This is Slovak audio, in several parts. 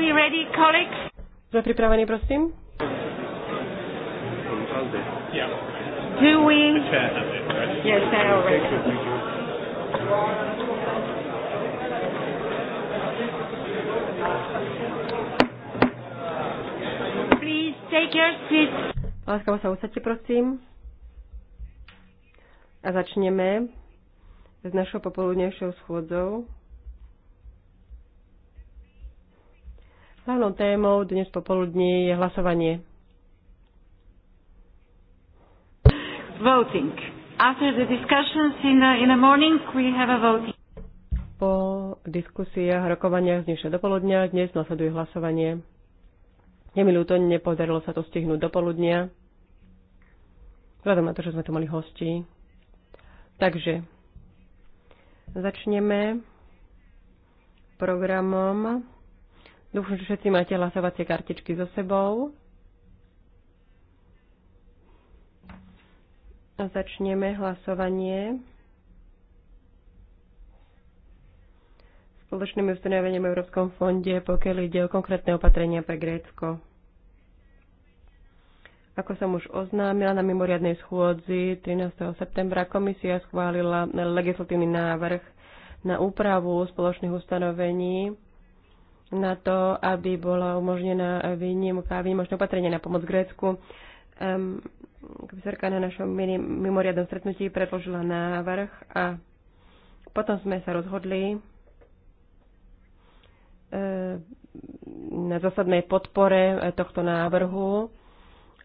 we ready, colleagues? Sme pripravení, prosím? Do we? Yes, I already. Please take your seats. Láskavo sa usadte, prosím. A začneme s našou popoludnejšou schôdzou. Hlavnou témou dnes popoludní je hlasovanie. Voting. After the discussions in the, in the morning we have a voting. Po diskusiách, rokovaniach z dnešného dopoludnia dnes nasleduje hlasovanie. Je mi ľúto, nepodarilo sa to stihnúť dopoludnia. Vzhľadom na to, že sme tu mali hosti. Takže začneme programom Dúfam, že všetci máte hlasovacie kartičky so sebou. A začneme hlasovanie Spoločným ustanoveniem v Európskom fonde, pokiaľ ide o konkrétne opatrenia pre Grécko. Ako som už oznámila na mimoriadnej schôdzi 13. septembra, komisia schválila legislatívny návrh na úpravu spoločných ustanovení na to, aby bola umožnená výnimka, výnimočné opatrenie na pomoc Grécku. Um, komisárka na našom mimoriadnom stretnutí predložila návrh a potom sme sa rozhodli e, na zásadnej podpore tohto návrhu,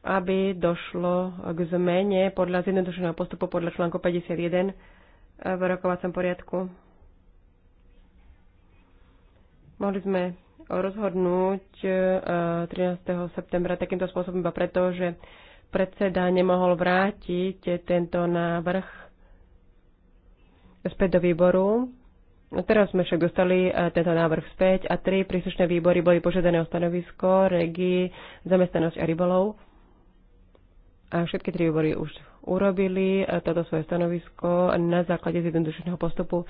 aby došlo k zmene podľa zjednodušeného postupu podľa článku 51 e, v rokovacom poriadku. Mohli sme rozhodnúť 13. E, septembra takýmto spôsobom iba preto, že predseda nemohol vrátiť tento návrh späť do výboru. No teraz sme však dostali e, tento návrh späť a tri príslušné výbory boli požiadané o stanovisko, regi, zamestnanosť a rybolov. A všetky tri výbory už urobili e, toto svoje stanovisko na základe zjednodušeného postupu.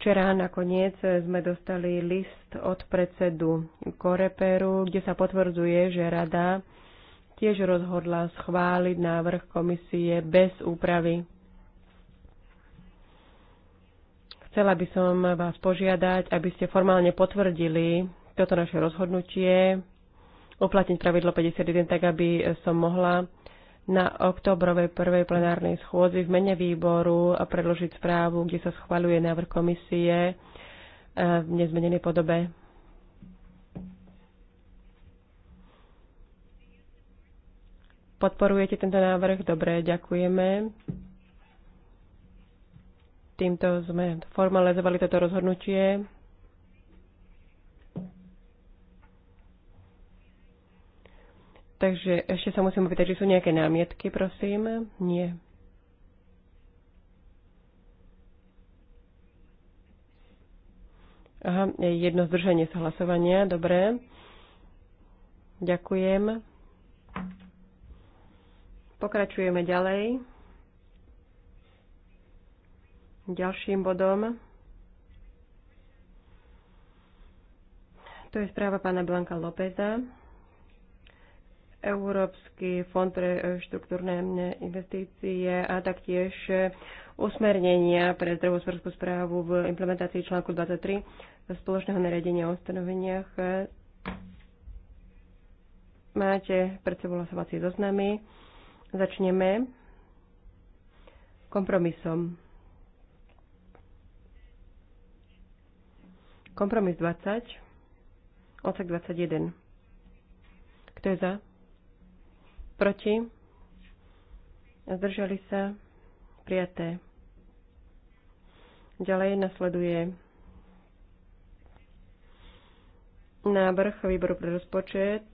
Včera nakoniec sme dostali list od predsedu Koreperu, kde sa potvrdzuje, že rada tiež rozhodla schváliť návrh komisie bez úpravy. Chcela by som vás požiadať, aby ste formálne potvrdili toto naše rozhodnutie uplatniť pravidlo 51 tak, aby som mohla na oktobrovej prvej plenárnej schôdzi v mene výboru a predložiť správu, kde sa schvaľuje návrh komisie eh, v nezmenenej podobe. Podporujete tento návrh? Dobre, ďakujeme. Týmto sme formalizovali toto rozhodnutie. Takže ešte sa musím opýtať, či sú nejaké námietky, prosím. Nie. Aha, jedno zdržanie sa hlasovania, dobre. Ďakujem. Pokračujeme ďalej. Ďalším bodom. To je správa pána Blanka Lópeza. Európsky fond pre e, štruktúrne investície a taktiež e, usmernenia pre zdravotnú správu v implementácii článku 23 spoločného nariadenia o stanoveniach. E, Máte pred sebou hlasovacie zoznamy. Začneme kompromisom. Kompromis 20, odsek 21. Kto je za? Proti? Zdržali sa? Prijaté. Ďalej nasleduje návrh výboru pre rozpočet.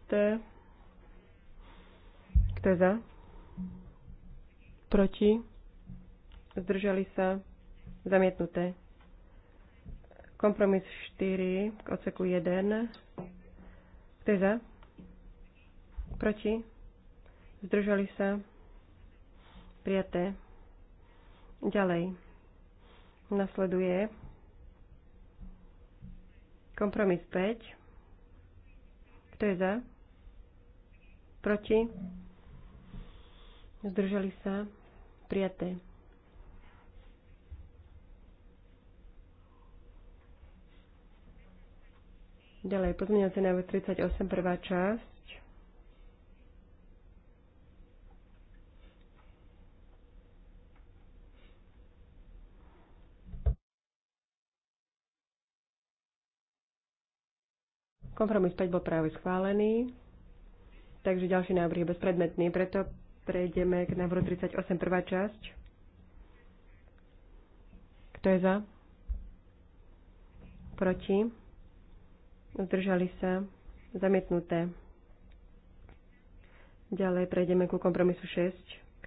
Kto je za? Proti? Zdržali sa? Zamietnuté. Kompromis 4 k oceku 1. Kto je za? Proti? zdržali sa, prijaté. Ďalej nasleduje kompromis 5. Kto je za? Proti? Zdržali sa? Prijaté. Ďalej, pozmeňujúce návrh 38, prvá časť. Kompromis 5 bol práve schválený, takže ďalší návrh je bezpredmetný, preto prejdeme k návrhu 38, prvá časť. Kto je za? Proti? Zdržali sa? Zamietnuté. Ďalej prejdeme ku kompromisu 6.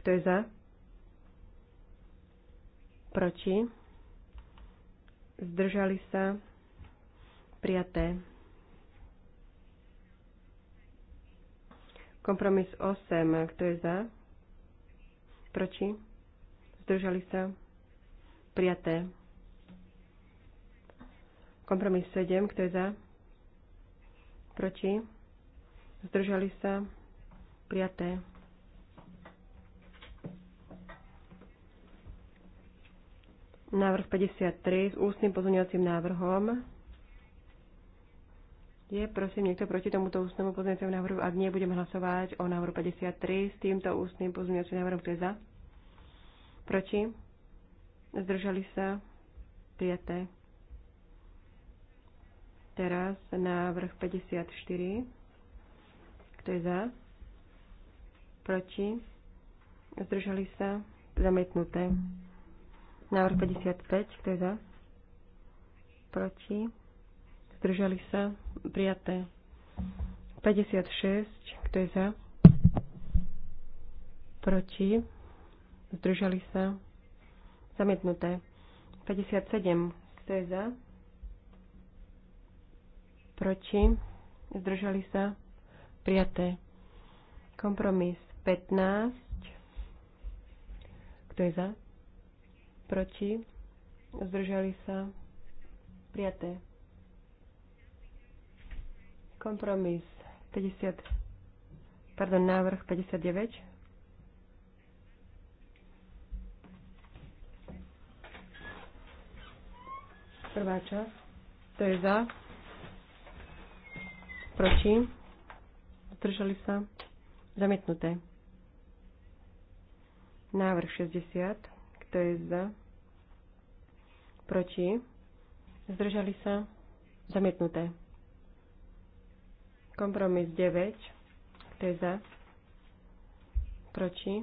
Kto je za? Proti? Zdržali sa? Prijaté. Kompromis 8. Kto je za? Proči, Zdržali sa? Prijaté. Kompromis 7. Kto je za? Proči, Zdržali sa? Prijaté. Návrh 53 s ústnym pozorňovacím návrhom. Je prosím niekto proti tomuto ústnemu pozmeňujúcemu návrhu? Ak nie, budeme hlasovať o návrhu 53 s týmto ústnym pozmeňujúcim návrhom. Kto je za? Proti? Zdržali sa? Prijaté. Teraz návrh 54. Kto je za? Proti? Zdržali sa? Zamietnuté. Návrh 55. Kto je za? Proti? zdržali sa, prijaté. 56, kto je za, proti, zdržali sa, zamietnuté. 57, kto je za, proti, zdržali sa, prijaté. Kompromis 15, kto je za, proti, zdržali sa, prijaté. Kompromis 50, pardon, návrh 59. Prvá časť. To je za. Proti. Zdržali sa. Zamietnuté. Návrh 60. Kto je za? Proti. Zdržali sa. Zamietnuté. Kompromis 9. Kto je za? Proti?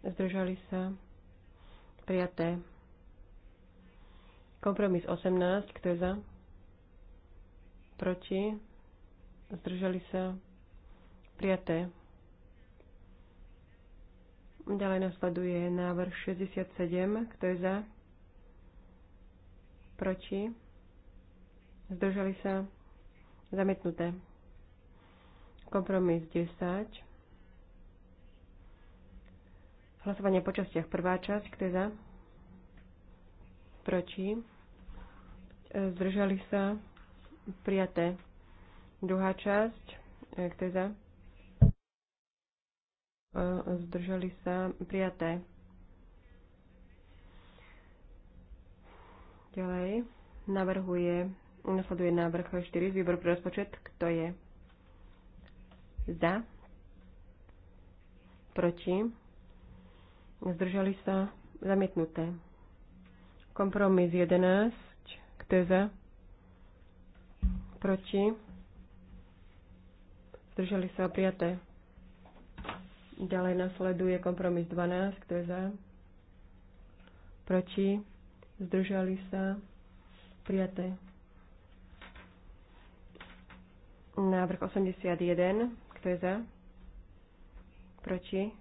Zdržali sa? Prijaté. Kompromis 18. Kto je za? Proti? Zdržali sa? Prijaté. Ďalej nasleduje návrh 67. Kto je za? Proti? Zdržali sa? Zamietnuté. Kompromis 10. Hlasovanie po častiach. Prvá časť, kto je za? Proti? E, zdržali sa? Prijaté. Druhá časť, e, kto je za? E, zdržali sa? Prijaté. Ďalej navrhuje, nasleduje návrh 4 z výboru pre rozpočet, kto je za, proti, zdržali sa, zamietnuté. Kompromis 11, kto je za, proti, zdržali sa, prijaté. Ďalej nasleduje kompromis 12, kto je za, proti, zdržali sa, prijaté. Návrh 81. Kto je za? Proti?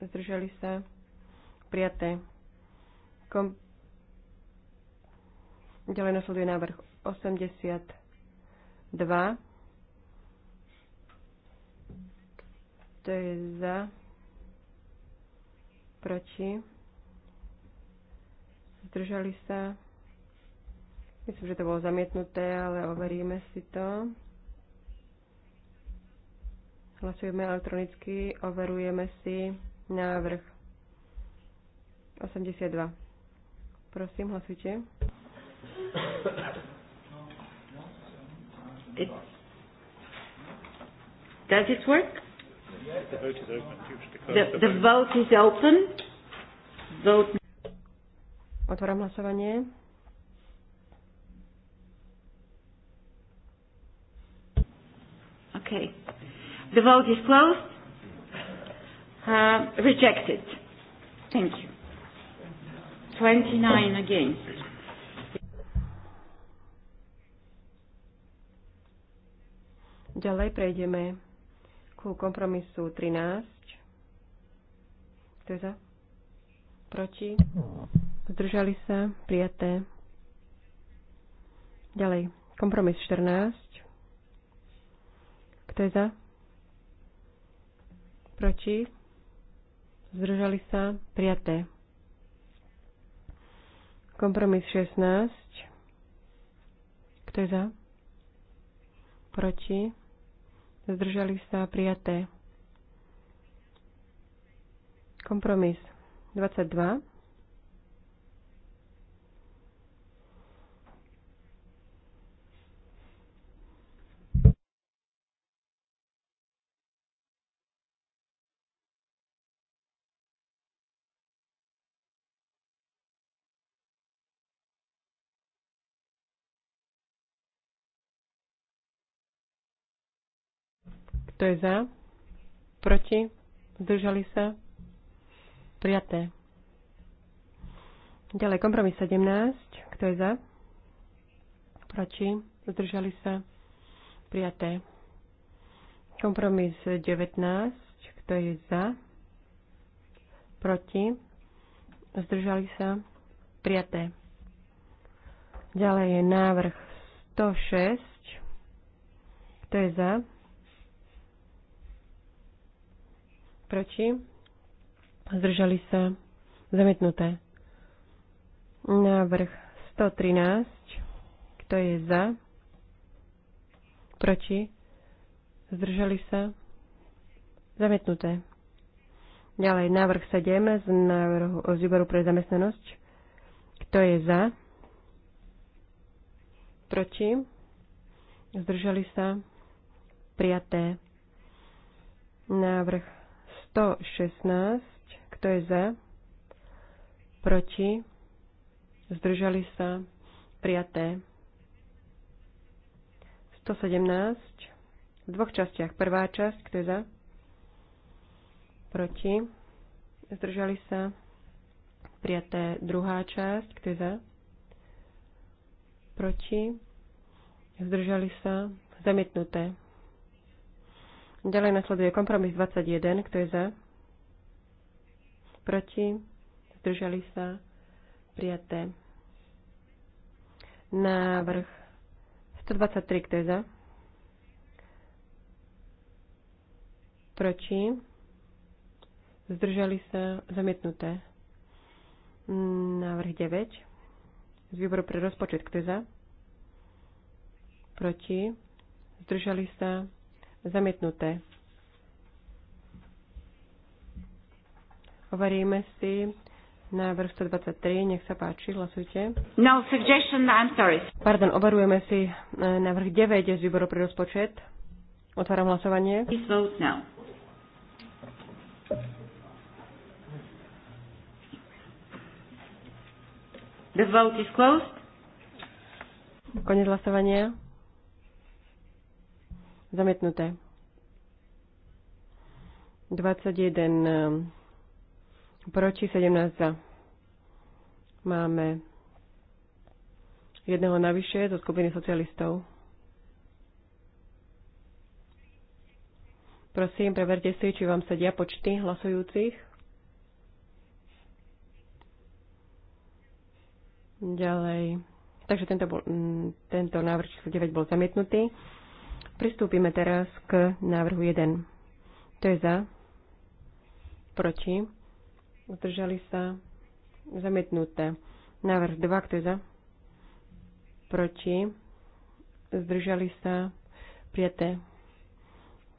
Zdržali sa? Prijaté. Kom... Ďalej nasleduje návrh 82. Kto je za? Proti? Zdržali sa? Myslím, že to bolo zamietnuté, ale overíme si to. Hlasujeme elektronicky, overujeme si návrh 82. Prosím, hlasujte. It, does it work? The vote is open. The, the vote is open. Vote. Otváram hlasovanie. Okay. The vote is closed. Uh, rejected. Thank you. 29 again. Ďalej prejdeme ku kompromisu 13. Kto je za? Proti? Zdržali sa? Prijaté? Ďalej. Kompromis 14. Kto je za? Proti? Zdržali sa? Prijaté. Kompromis 16. Kto je za? Proti? Zdržali sa? Prijaté. Kompromis 22. Kto je za? Proti? Zdržali sa? Prijaté. Ďalej kompromis 17. Kto je za? Proti? Zdržali sa? Prijaté. Kompromis 19. Kto je za? Proti? Zdržali sa? Prijaté. Ďalej je návrh 106. Kto je za? Proti? Zdržali sa. Zamietnuté. Návrh 113. Kto je za? Proti? Zdržali sa. Zamietnuté. Ďalej návrh 7 z, návrhu, z výboru pre zamestnanosť. Kto je za? Proti? Zdržali sa? Prijaté. Návrh 116. Kto je za? Proti? Zdržali sa? Prijaté. 117. V dvoch častiach. Prvá časť. Kto je za? Proti? Zdržali sa? Prijaté. Druhá časť. Kto je za? Proti? Zdržali sa? Zamietnuté. Ďalej nasleduje kompromis 21. Kto je za? Proti? Zdržali sa? Prijaté. Návrh 123. Kto je za? Proti? Zdržali sa? Zamietnuté. Návrh 9. Z výboru pre rozpočet. Kto je za? Proti? Zdržali sa? Zamietnuté. Hovoríme si návrh 123. Nech sa páči, hlasujte. No, suggestion, I'm sorry. Pardon, obarujeme si e, návrh 9 z výboru pre rozpočet. Otváram hlasovanie. Please vote now. The vote is closed. Konec hlasovania. Zametnuté. 21 e, proti, 17 za. Máme jedného navyše zo skupiny socialistov. Prosím, preverte si, či vám sedia počty hlasujúcich. Ďalej. Takže tento, bol, tento návrh číslo 9 bol zamietnutý. Pristúpime teraz k návrhu 1. To je za, proti, zdržali sa, zamietnuté. Návrh 2, kto je za, proti, zdržali sa, prijaté.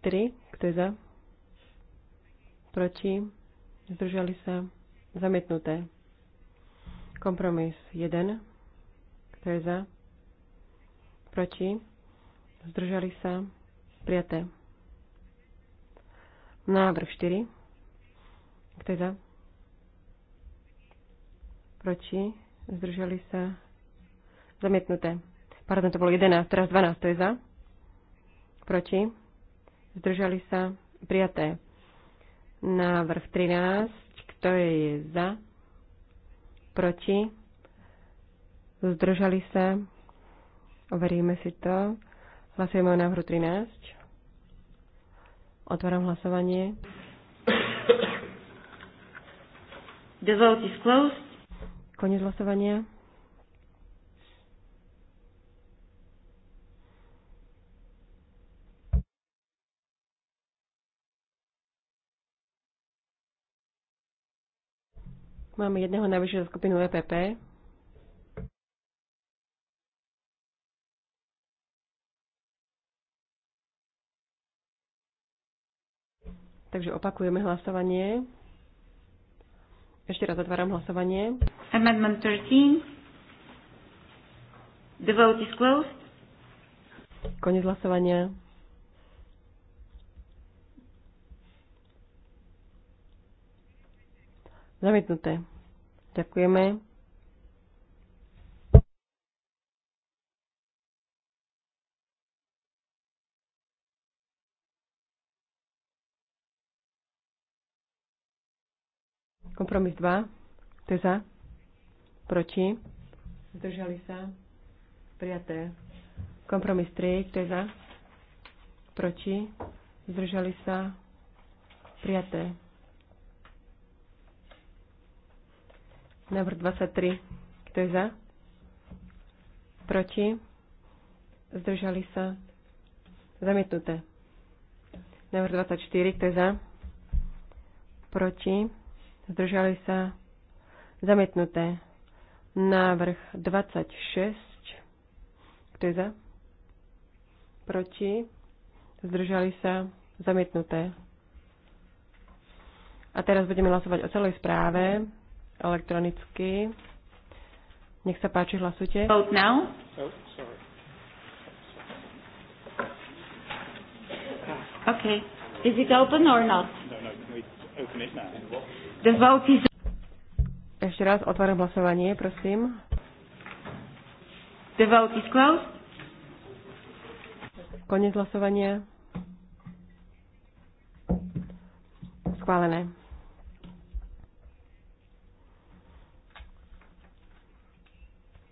3, kto je za, proti, zdržali sa, zamietnuté. Kompromis 1, kto je za, proti, zdržali sa, prijaté. Návrh 4. Kto je za? Proti, zdržali sa, zamietnuté. Pardon, to bolo 11, teraz 12, to je za. Proti, zdržali sa, prijaté. Návrh 13, kto je za? Proti, zdržali sa, overíme si to. Hlasujeme o návrhu 13. Otváram hlasovanie. The vote is closed. Koniec hlasovania. Máme jedného najvyššieho skupinu EPP. Takže opakujeme hlasovanie. Ešte raz otváram hlasovanie. Amendment 13. The vote is closed. Konec hlasovania. Zamietnuté. Ďakujeme. Kompromis 2. Teza. je za. Proti. Zdržali sa. Prijaté. Kompromis 3. Teza. je za. Proti. Zdržali sa. Prijaté. Návrh 23. Kto je za? Proti? Zdržali sa? Zamietnuté. Návrh 24. Kto je za? Proti? zdržali sa, zametnuté. Návrh 26, kto je za? Proti, zdržali sa, zamietnuté. A teraz budeme hlasovať o celej správe elektronicky. Nech sa páči, hlasujte. Vote now. Oh, okay. Is it open or not? No, no, open it now? Ešte raz otváram hlasovanie, prosím. The vote is closed. Konec hlasovania. Schválené.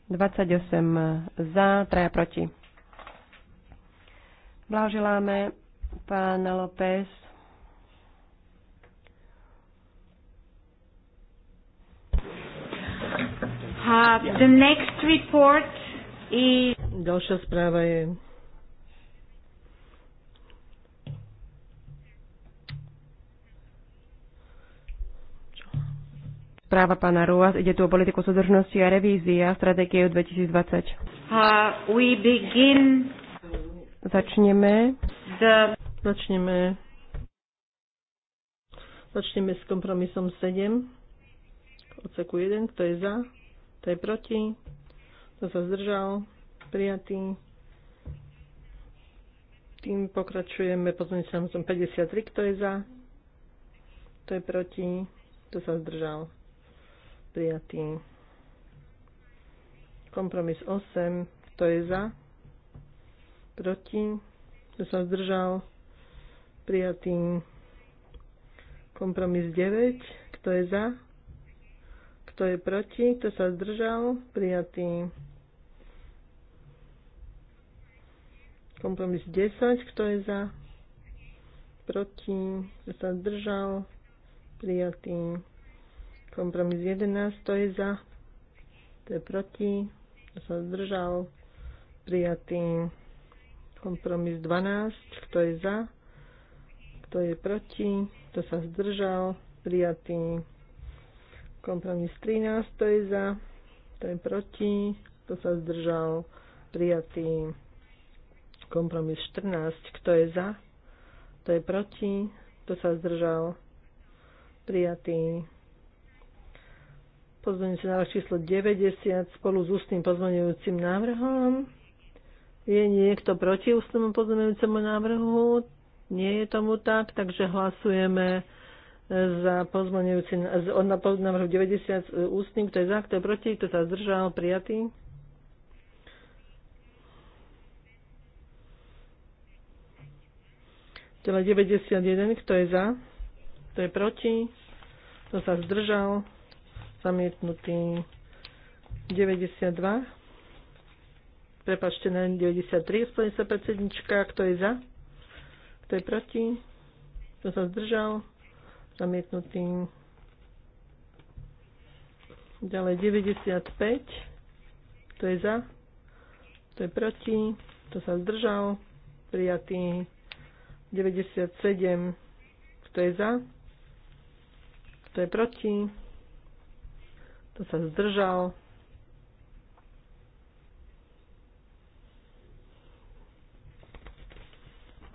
Dvadsať osem za, traja proti. Blahoželáme pán López Uh, the next report is... Ďalšia správa je Správa pána Ruas. Ide tu o politiku súdržnosti a revízii a stratégie 2020. Uh, we begin... Začneme. The... Začneme. Začneme s kompromisom 7. Odseku 1. Kto je za? Kto je proti? Kto sa zdržal? Prijatý. Tým pokračujeme pozmeňujúcim 53. Kto je za? Kto je proti? Kto sa zdržal? Prijatý. Kompromis 8. Kto je za? Proti? Kto sa zdržal? Prijatý. Kompromis 9. Kto je za? Kto je proti? Kto sa zdržal? Prijatý. Kompromis 10. Kto je za? Proti? Kto sa zdržal? Prijatý. Kompromis 11. Kto je za? Kto je proti? Kto sa zdržal? Prijatý. Kompromis 12. Kto je za? Kto je proti? Kto sa zdržal? Prijatý Kompromis 13, to je za, to je proti, kto sa zdržal, prijatý. Kompromis 14, kto je za, to je proti, kto sa zdržal, prijatý. Pozvanie návrh číslo 90 spolu s ústnym pozvaniujúcim návrhom. Je niekto proti ústnemu pozvaniujúcemu návrhu? Nie je tomu tak, takže hlasujeme za pozmenujúci na návrhu 90 e, ústnym, kto je za, kto je proti, kto sa zdržal, prijatý. Teda 91, kto je za, kto je proti, kto sa zdržal, zamietnutý 92. Prepačte, na 93, spomne sa predsednička, kto je za, kto je proti, kto sa zdržal, zamietnutý. Ďalej 95, to je za, to je proti, to sa zdržal, prijatý 97, kto je za, kto je proti, to sa zdržal,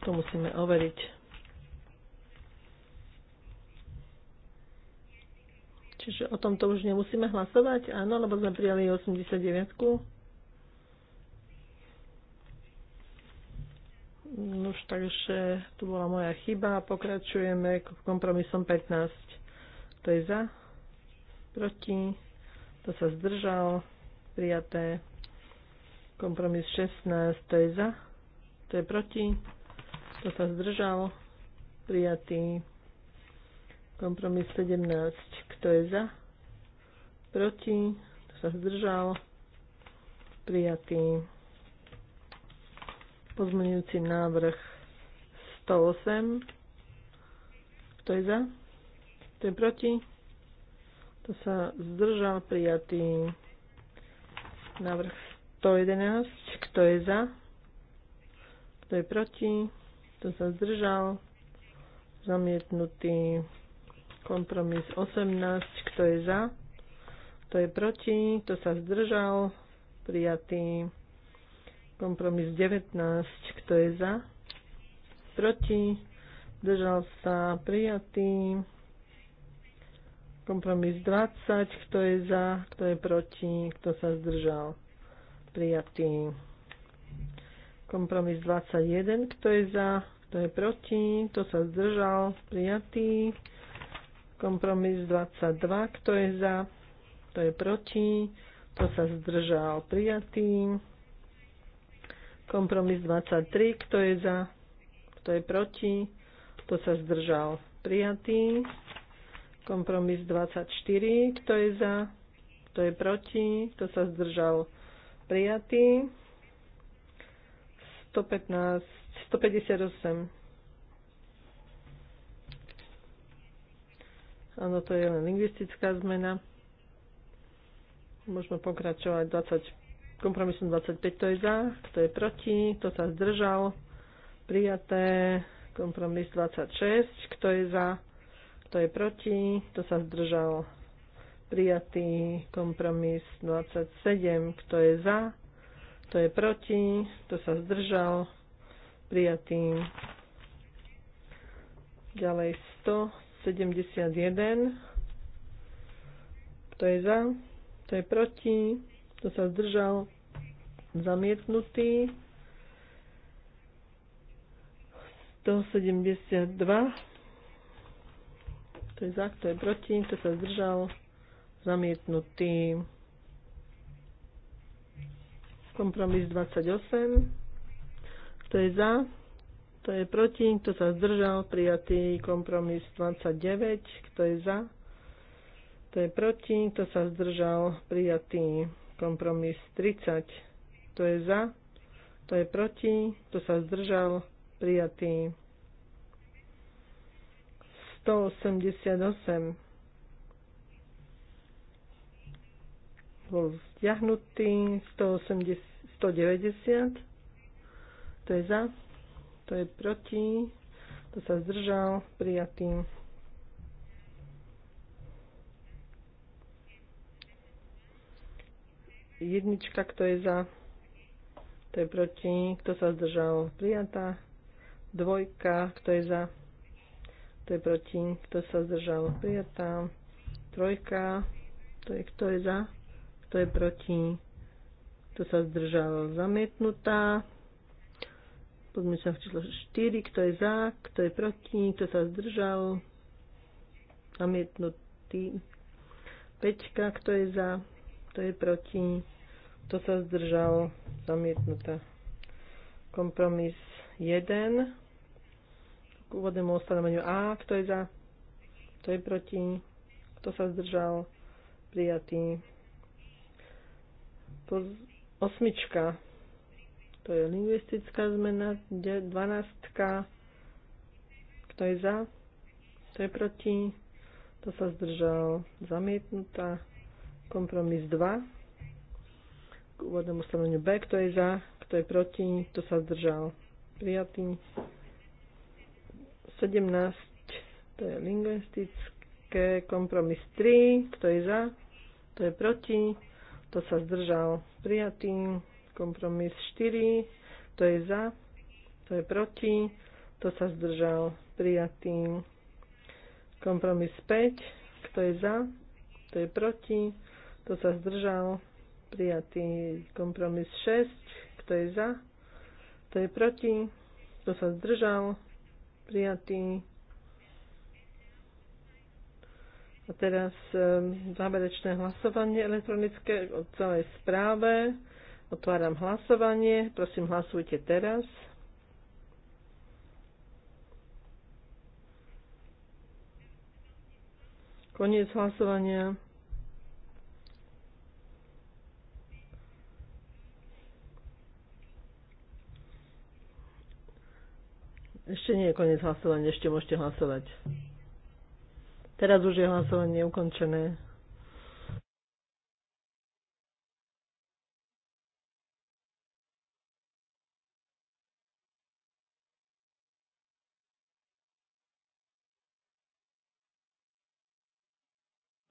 to musíme overiť. Čiže o tomto už nemusíme hlasovať, áno, lebo sme prijali 89. -ku. už takže tu bola moja chyba. Pokračujeme kompromisom 15. To je za, proti, to sa zdržal, prijaté. Kompromis 16, to je za, to je proti, to sa zdržal, prijatý. Kompromis 17, kto je za? Proti? Kto sa zdržal? Prijatý. pozmeňujúci návrh 108. Kto je za? Kto je proti? Kto sa zdržal? Prijatý. Návrh 111. Kto je za? Kto je proti? Kto sa zdržal? Zamietnutý. Kompromis 18, kto je za, kto je proti, kto sa zdržal, prijatý. Kompromis 19, kto je za, proti, zdržal sa, prijatý. Kompromis 20, kto je za, kto je proti, kto sa zdržal, prijatý. Kompromis 21, kto je za, kto je proti, kto sa zdržal, prijatý. Kompromis 22. Kto je za? Kto je proti? Kto sa zdržal? Prijatý. Kompromis 23. Kto je za? Kto je proti? Kto sa zdržal? Prijatý. Kompromis 24. Kto je za? Kto je proti? Kto sa zdržal? Prijatý. 115, 158. Áno, to je len lingvistická zmena. Môžeme pokračovať 20, kompromisom 25, to je za, kto je proti, kto sa zdržal, prijaté, kompromis 26, kto je za, kto je proti, kto sa zdržal, prijatý kompromis 27, kto je za, kto je proti, kto sa zdržal, prijatý ďalej 100, 71. Kto je za? Kto je proti? Kto sa zdržal? Zamietnutý. 172. To je za? Kto je proti? Kto sa zdržal? Zamietnutý. Kompromis 28. Kto je za? Kto je proti? Kto sa zdržal? Prijatý kompromis 29. Kto je za? Kto je proti? Kto sa zdržal? Prijatý kompromis 30. Kto je za? Kto je proti? Kto sa zdržal? Prijatý 188 bol vzťahnutý, 180, 190 to je za to je proti, to sa zdržal, prijatý. Jednička, kto je za, To je proti, kto sa zdržal, prijatá. Dvojka, kto je za, kto je proti, kto sa zdržal, prijatá. Trojka, to je kto je za, kto je proti, kto sa zdržal, zamietnutá. Poďme sa číslo 4, kto je za, kto je proti, kto sa zdržal. Zamietnutý. 5, kto je za, kto je proti, kto sa zdržal. Zamietnutá. Kompromis 1. K úvodnému ustanoveniu A, kto je za, kto je proti, kto sa zdržal. Prijatý. Poz- osmička to je lingvistická zmena. 12. Kto je za? Kto je proti? Kto sa zdržal? Zamietnutá. Kompromis 2 úvodnému stanoveniu B, kto je za, kto je proti, kto sa zdržal. Prijatý. 17, to je lingvistické, kompromis 3, kto je za, kto je proti, kto sa zdržal. Prijatý. Kompromis 4, to je za, to je proti, to sa zdržal, prijatý. Kompromis 5, kto je za, to je proti, to sa zdržal, prijatý. Kompromis 6, kto je za, to je proti, to sa zdržal, prijatý. A teraz ehm, záverečné hlasovanie elektronické o celej správe. Otváram hlasovanie. Prosím, hlasujte teraz. Koniec hlasovania. Ešte nie je koniec hlasovania, ešte môžete hlasovať. Teraz už je hlasovanie ukončené.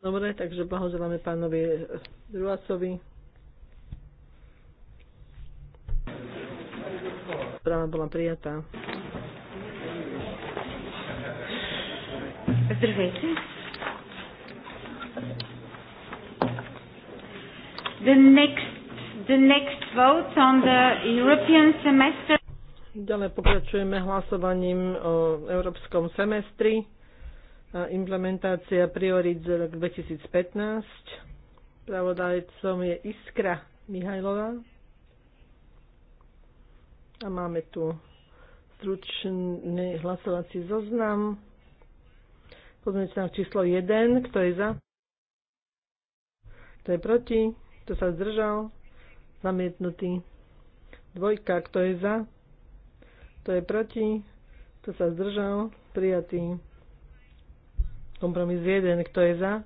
Dobre, takže blahoželáme pánovi Druhacovi. Správa bola prijatá. Здравейте. The next, the next vote on the European semester. Ďalej pokračujeme hlasovaním o európskom semestri implementácia priorit z roku 2015. Pravodajcom je Iskra Mihajlová. A máme tu stručný hlasovací zoznam. Pozmeňte sa číslo 1, kto je za, kto je proti, kto sa zdržal, zamietnutý. Dvojka, kto je za, kto je proti, kto sa zdržal, prijatý Kompromis 1. Kto je za?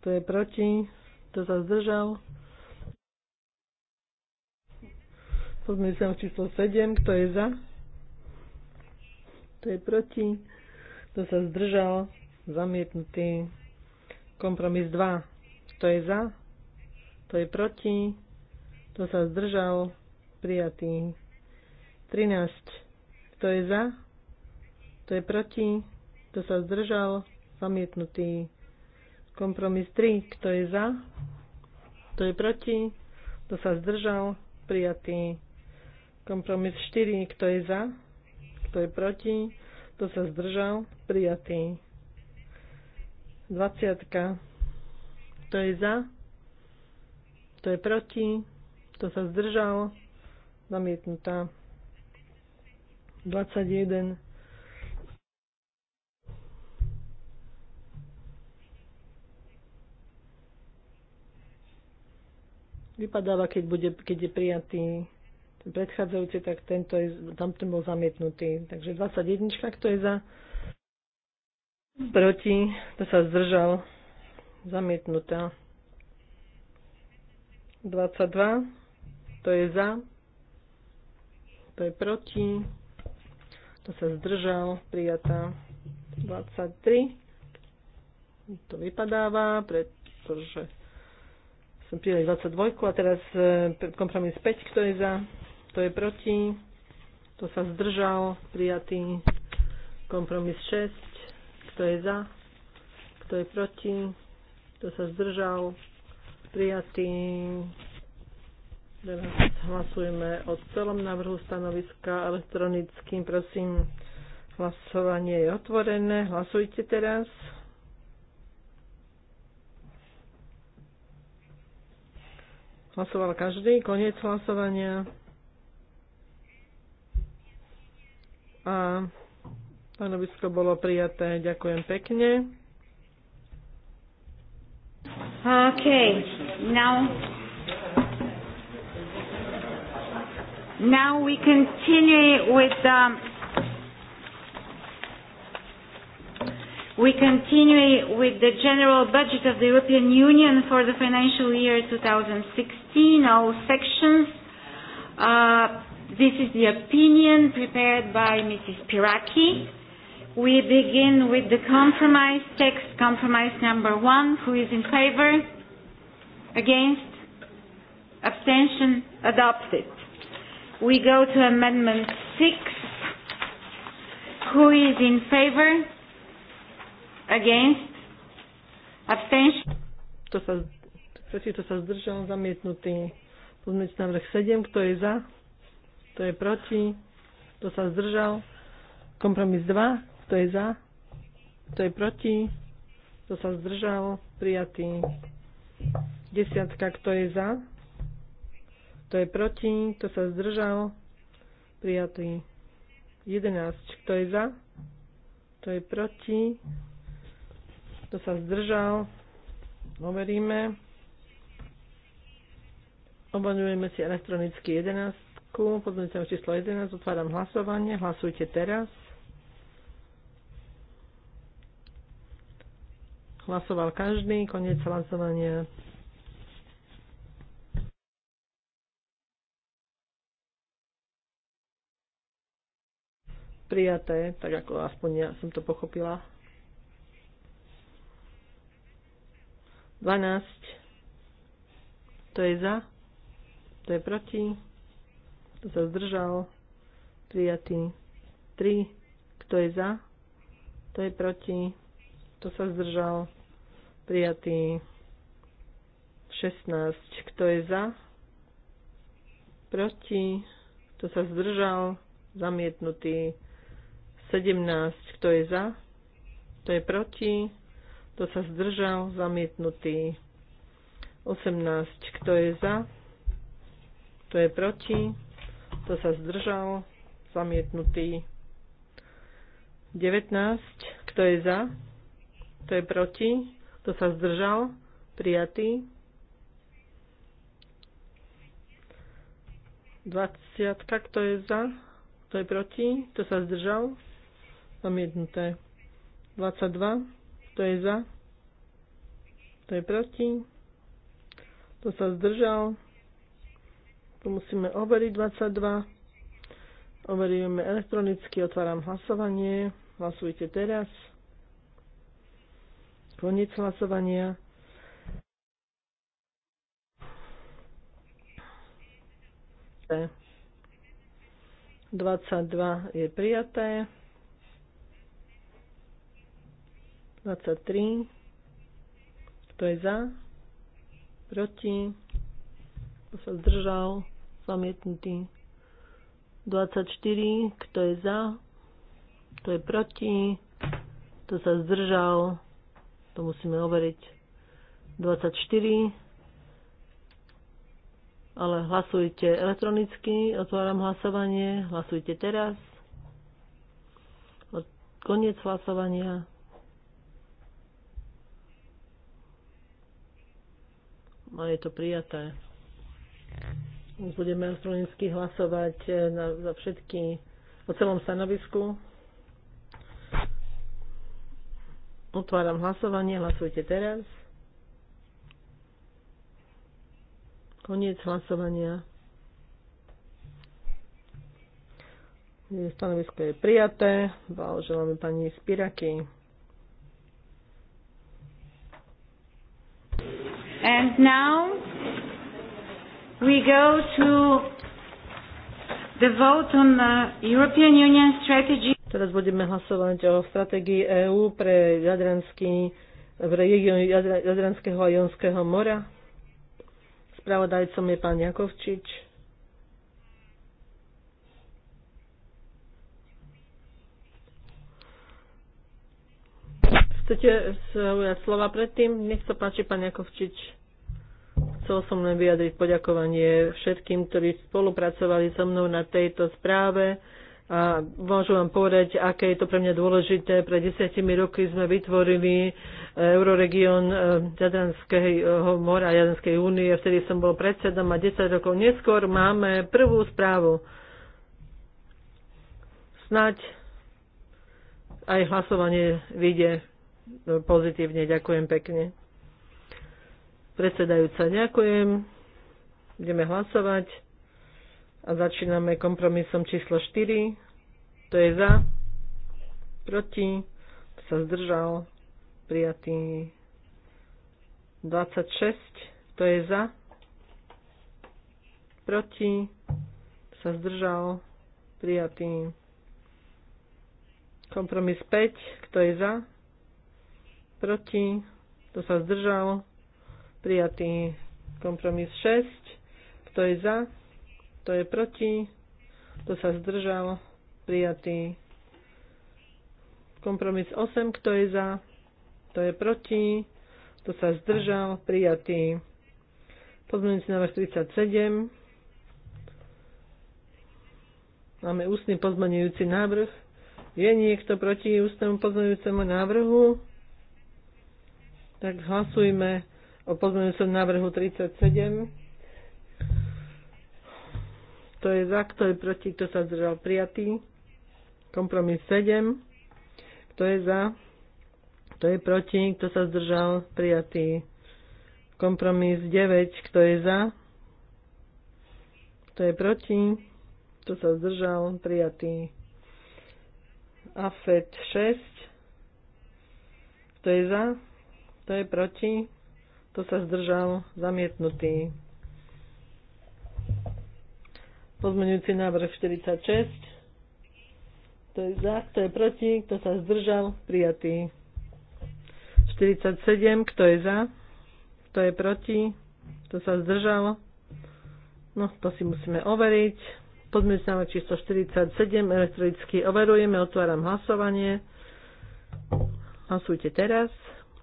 Kto je proti? Kto sa zdržal? Pozmeňujem číslo 7. Kto je za? Kto je proti? Kto sa zdržal? Zamietnutý. Kompromis 2. Kto je za? Kto je proti? Kto sa zdržal? Prijatý. 13. Kto je za? Kto je proti? Kto sa zdržal? zamietnutý. Kompromis 3, kto je za, kto je proti, kto sa zdržal, prijatý. Kompromis 4, kto je za, kto je proti, kto sa zdržal, prijatý. 20. Kto je za, kto je proti, kto sa zdržal, zamietnutá. 21. vypadáva, keď, bude, keď je prijatý ten predchádzajúci, tak tento je, tam ten bol zamietnutý. Takže 21, kto je za? Proti, to sa zdržal. Zamietnutá. 22, to je za. To je proti. To sa zdržal. Prijatá. 23. To vypadáva, pretože som prijali 22 a teraz e, kompromis 5, kto je za, kto je proti, kto sa zdržal, prijatý kompromis 6, kto je za, kto je proti, kto sa zdržal, prijatý. Teraz hlasujeme o celom návrhu stanoviska elektronickým, prosím. Hlasovanie je otvorené. Hlasujte teraz. Hlasoval každý. Koniec hlasovania. A stanovisko bolo prijaté. Ďakujem pekne. OK. now Now we continue with um, we continue with the general budget of the European Union for the financial year 2016 see all sections. Uh, this is the opinion prepared by Mrs. Piraki. We begin with the compromise text, compromise number one. Who is in favor? Against? Abstention? Adopted. We go to amendment six. Who is in favor? Against? Abstention? proti to sa zdržal, zamietnutý. Pozmeňujúci návrh 7, kto je za, kto je proti, kto sa zdržal. Kompromis 2, kto je za, kto je proti, kto sa zdržal, prijatý. Desiatka, kto je za, kto je proti, kto sa zdržal, prijatý. 11. Kto je za? Kto je proti? Kto sa zdržal? Overíme. Obaňujeme si elektronicky 11. Podmienujúcem číslo 11. Otváram hlasovanie. Hlasujte teraz. Hlasoval každý. Koniec hlasovania. Prijaté, tak ako aspoň ja som to pochopila. 12. To je za. Kto je proti? Kto sa zdržal? Prijatý. 3. Kto je za? Kto je proti? Kto sa zdržal? Prijatý. 16. Kto je za? Proti? Kto sa zdržal? Zamietnutý. 17. Kto je za? Kto je proti? Kto sa zdržal? Zamietnutý. 18. Kto je za? Kto je proti? Kto sa zdržal? Zamietnutý. 19. Kto je za? Kto je proti? Kto sa zdržal? Prijatý. 20. Kto je za? Kto je proti? Kto sa zdržal? Zamietnuté. 22. Kto je za? Kto je proti? Kto sa zdržal? Tu musíme overiť 22. Overujeme elektronicky, otváram hlasovanie. Hlasujte teraz. Koniec hlasovania. prijaté. 22 je prijaté. 23. Kto je za? Proti? kto sa zdržal, zamietnutý. 24, kto je za, kto je proti, kto sa zdržal, to musíme overiť. 24, ale hlasujte elektronicky, otváram hlasovanie, hlasujte teraz. Koniec hlasovania. A je to prijaté. Budeme elektronicky hlasovať eh, na, za všetky, o celom stanovisku. Otváram hlasovanie, hlasujte teraz. Koniec hlasovania. Stanovisko je prijaté. Blahoželáme pani Spiraky. And now We go to the vote on the European Union strategy. Teraz budeme hlasovať o strategii EÚ pre Jadranský v regióne Jadranského a Jonského mora. Spravodajcom je pán Jakovčič. Chcete slova predtým? Nech sa páči, pán Jakovčič. Chcel som len vyjadriť poďakovanie všetkým, ktorí spolupracovali so mnou na tejto správe. A môžem vám povedať, aké je to pre mňa dôležité. Pred desiatimi roky sme vytvorili e, Euroregión e, Jadranského mora a Jadranskej únie. Vtedy som bol predsedom a 10 rokov neskôr máme prvú správu. Snaď aj hlasovanie vyjde pozitívne. Ďakujem pekne. Predsedajúca, ďakujem. Budeme hlasovať a začíname kompromisom číslo 4. To je za, proti, sa zdržal, prijatý 26. To je za, proti, sa zdržal, prijatý kompromis 5. Kto je za, proti, to sa zdržal, prijatý kompromis 6. Kto je za? Kto je proti? Kto sa zdržal? Prijatý kompromis 8. Kto je za? Kto je proti? Kto sa zdržal? Prijatý pozmeňujúci návrh 37. Máme ústny pozmeňujúci návrh. Je niekto proti ústnemu pozmeňujúcemu návrhu? Tak hlasujme o pozmeňujúcom návrhu 37. To je za, kto je proti, kto sa zdržal prijatý. Kompromis 7. Kto je za, kto je proti, kto sa zdržal prijatý. Kompromis 9. Kto je za, kto je proti, kto sa zdržal prijatý. AFET 6. Kto je za, kto je proti, kto sa zdržal? Zamietnutý. Pozmeňujúci návrh 46. Kto je za? Kto je proti? Kto sa zdržal? Prijatý. 47. Kto je za? Kto je proti? Kto sa zdržal? No, to si musíme overiť. Pozmeňujúci návrh číslo 47. Elektronicky overujeme. Otváram hlasovanie. Hlasujte teraz.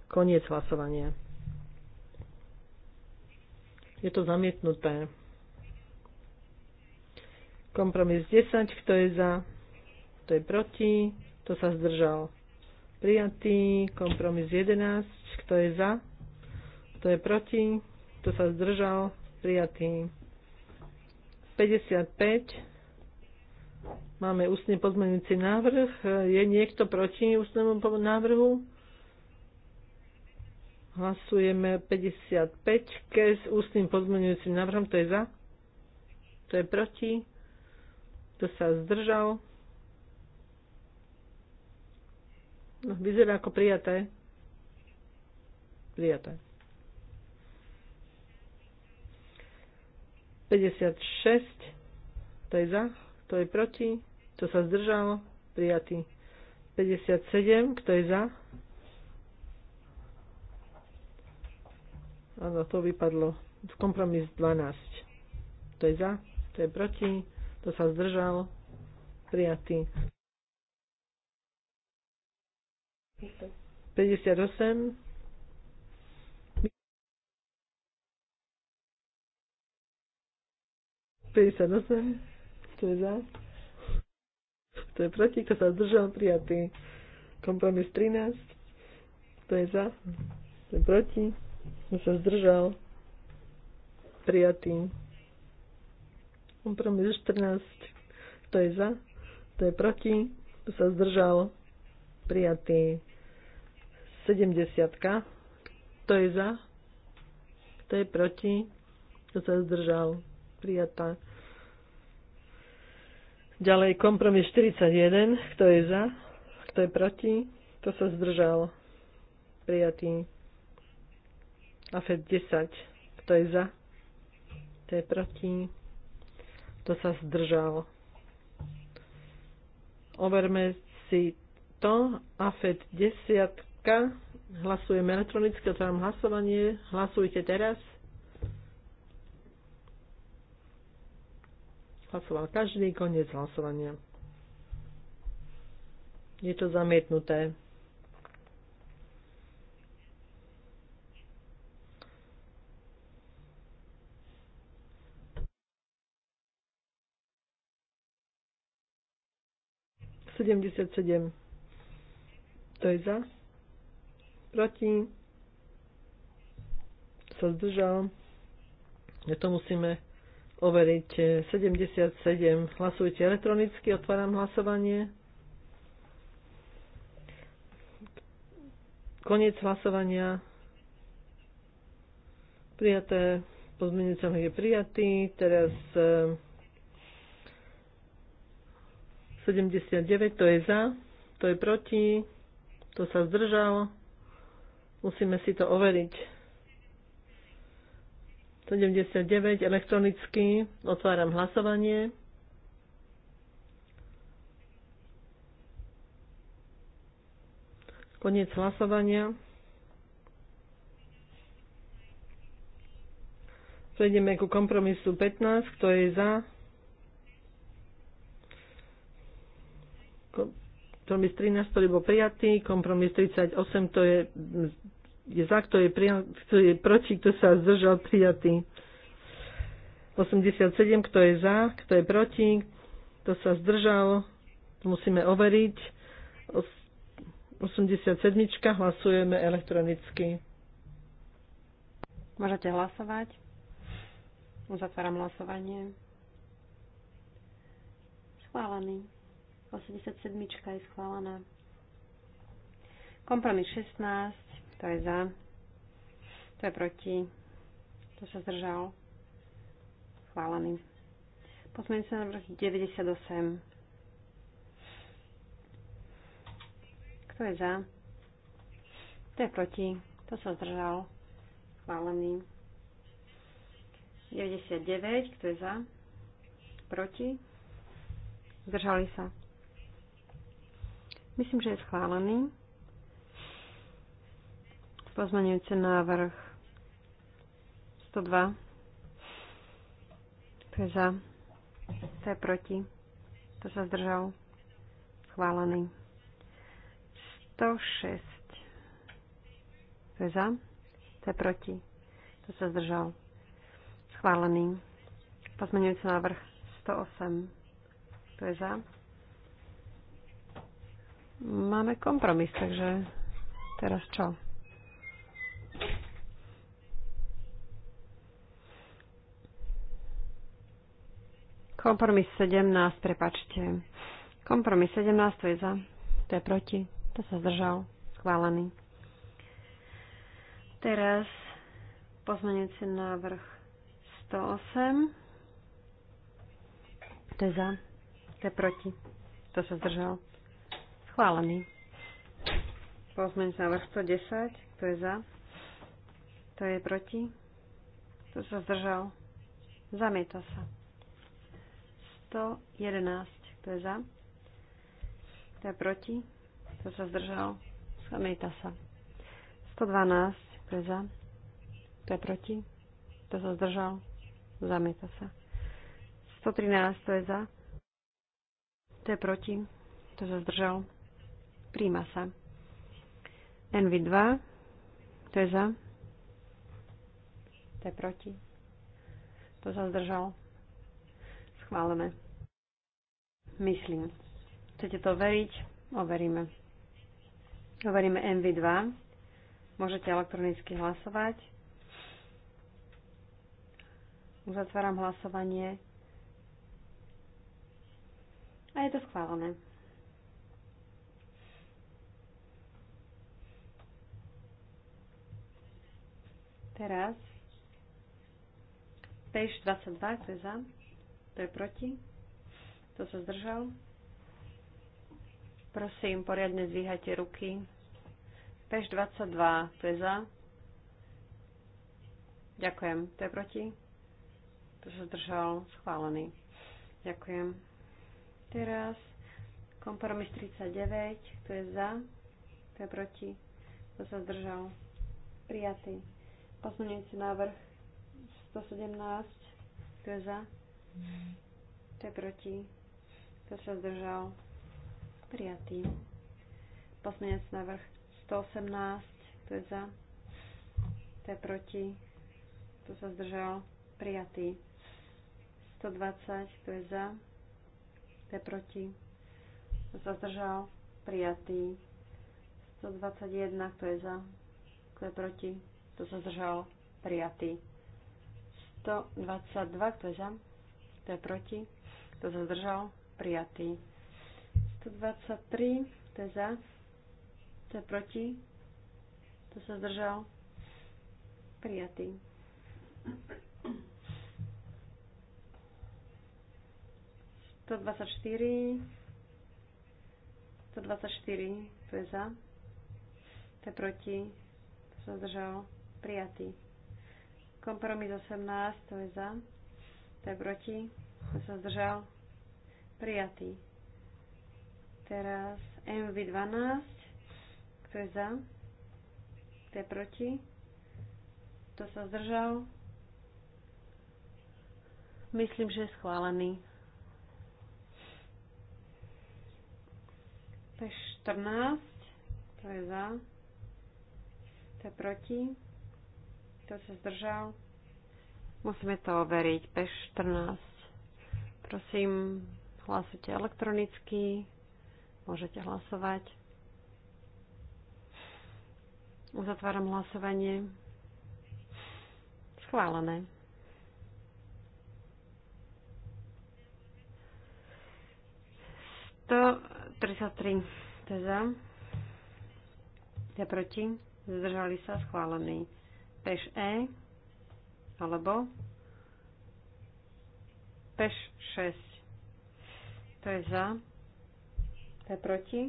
Koniec hlasovania je to zamietnuté. Kompromis 10, kto je za, kto je proti, kto sa zdržal. Prijatý kompromis 11, kto je za, kto je proti, kto sa zdržal. Prijatý 55. Máme ústny pozmenujúci návrh. Je niekto proti ústnemu návrhu? Hlasujeme 55 s ústnym pozmeňujúcim návrhom. To je za? To je proti? Kto sa zdržal? No, vyzerá ako prijaté. Prijaté. 56. To je za, to je proti, to sa zdržalo, prijatý. 57. Kto je za, Áno, to vypadlo. Kompromis 12. To je za, to je proti, to sa zdržal, prijatý. 58. to je za, to je proti, kto sa zdržal, prijatý. Kompromis 13, to je za, to je proti, kto sa zdržal? Prijatý. Kompromis 14. Kto je za? Kto je proti? Kto sa zdržal? Prijatý. 70. Kto je za? Kto je proti? Kto sa zdržal? Prijatá. Ďalej kompromis 41. Kto je za? Kto je proti? Kto sa zdržal? Prijatý. A f 10. Kto je za? Kto je proti? Kto sa zdržal? Overme si to. A f 10. Hlasujeme elektronicky, otváram hlasovanie. Hlasujte teraz. Hlasoval každý, koniec hlasovania. Je to zamietnuté. 77. To je za. Proti. Sa zdržal. Ja to musíme overiť. 77. Hlasujte elektronicky. Otváram hlasovanie. Koniec hlasovania. Prijaté. Pozmeňujúci je prijatý. Teraz eh, 79, to je za, to je proti, to sa zdržal. Musíme si to overiť. 79 elektronicky. Otváram hlasovanie. Koniec hlasovania. Prejdeme ku kompromisu 15. Kto je za? kompromis 13, ktorý bol prijatý, kompromis 38, to je, je za, kto je, prija, kto je proti, kto sa zdržal prijatý. 87, kto je za, kto je proti, kto sa zdržal, musíme overiť. 87, hlasujeme elektronicky. Môžete hlasovať. Uzatváram hlasovanie. Schválený. 87 je schválená. Kompromis 16, to je za, to je proti, to sa zdržal, schválený. na návrh 98. Kto je za? Kto je proti? Kto sa zdržal? Schválený. 99. Kto je za? Proti? Zdržali sa. Myslím, že je schválený. Pozmenujúci návrh 102. To je za. To je proti. To sa zdržal. Schválený. 106. To je za. To je proti. To sa zdržal. Schválený. Pozmenujúci návrh 108. To je za. Máme kompromis, takže teraz čo? Kompromis 17, prepačte. Kompromis 17, to je za, to je proti, to sa zdržal, schválený. Teraz pozmenujúci návrh 108. To je za, to je proti, to sa zdržal, Schválený. Pozmeň návrh 110. Kto je za? Kto je proti? Kto sa zdržal? Zamieta sa. 111. Kto je za? Kto je proti? Kto sa zdržal? Zamieta sa. 112. Kto je za? Kto je proti? Kto sa zdržal? Zamieta sa. 113. Kto je za? Kto je proti? Kto sa zdržal? Príjma sa. NV2. To je za. To je proti. To sa zdržal. Schválené. Myslím. Chcete to veriť? Overíme. Overíme NV2. Môžete elektronicky hlasovať. Uzatváram hlasovanie. A je to schválené. Teraz peš 22, kto je za, kto je proti, kto sa zdržal. Prosím, poriadne zvíhajte ruky. Peš 22, kto je za. Ďakujem, kto je proti, kto sa zdržal, schválený. Ďakujem. Teraz kompromis 39, kto je za, kto je proti, kto sa zdržal, prijatý. Posunujúci návrh 117. Kto je za? Kto je proti? Kto sa zdržal? Prijatý. Posunujúci návrh 118. Kto je za? Kto je proti? Kto sa zdržal? Prijatý. 120. Kto je za? Kto je proti? Kto sa zdržal? Prijatý. 121. Kto je za? Kto je proti? To som držal prijatý. 122, kto je za, kto je proti, kto sa zdržal, prijatý. 123, kto je za, kto je proti, kto sa zdržal, prijatý. To 24, 124, to je za, to je proti, to sa zdržal, prijatý. Kompromis 18, to je za, to je proti, kto sa zdržal, prijatý. Teraz MV12, kto je za, kto je proti, kto sa zdržal, myslím, že je schválený. P14, to je za, to je proti, kto sa zdržal? Musíme to overiť. Peš 14. Prosím, hlasujte elektronicky. Môžete hlasovať. Uzatváram hlasovanie. Schválené. To 33 teda. Ja proti. Zdržali sa schválený peš E alebo peš 6. To je za, to je proti,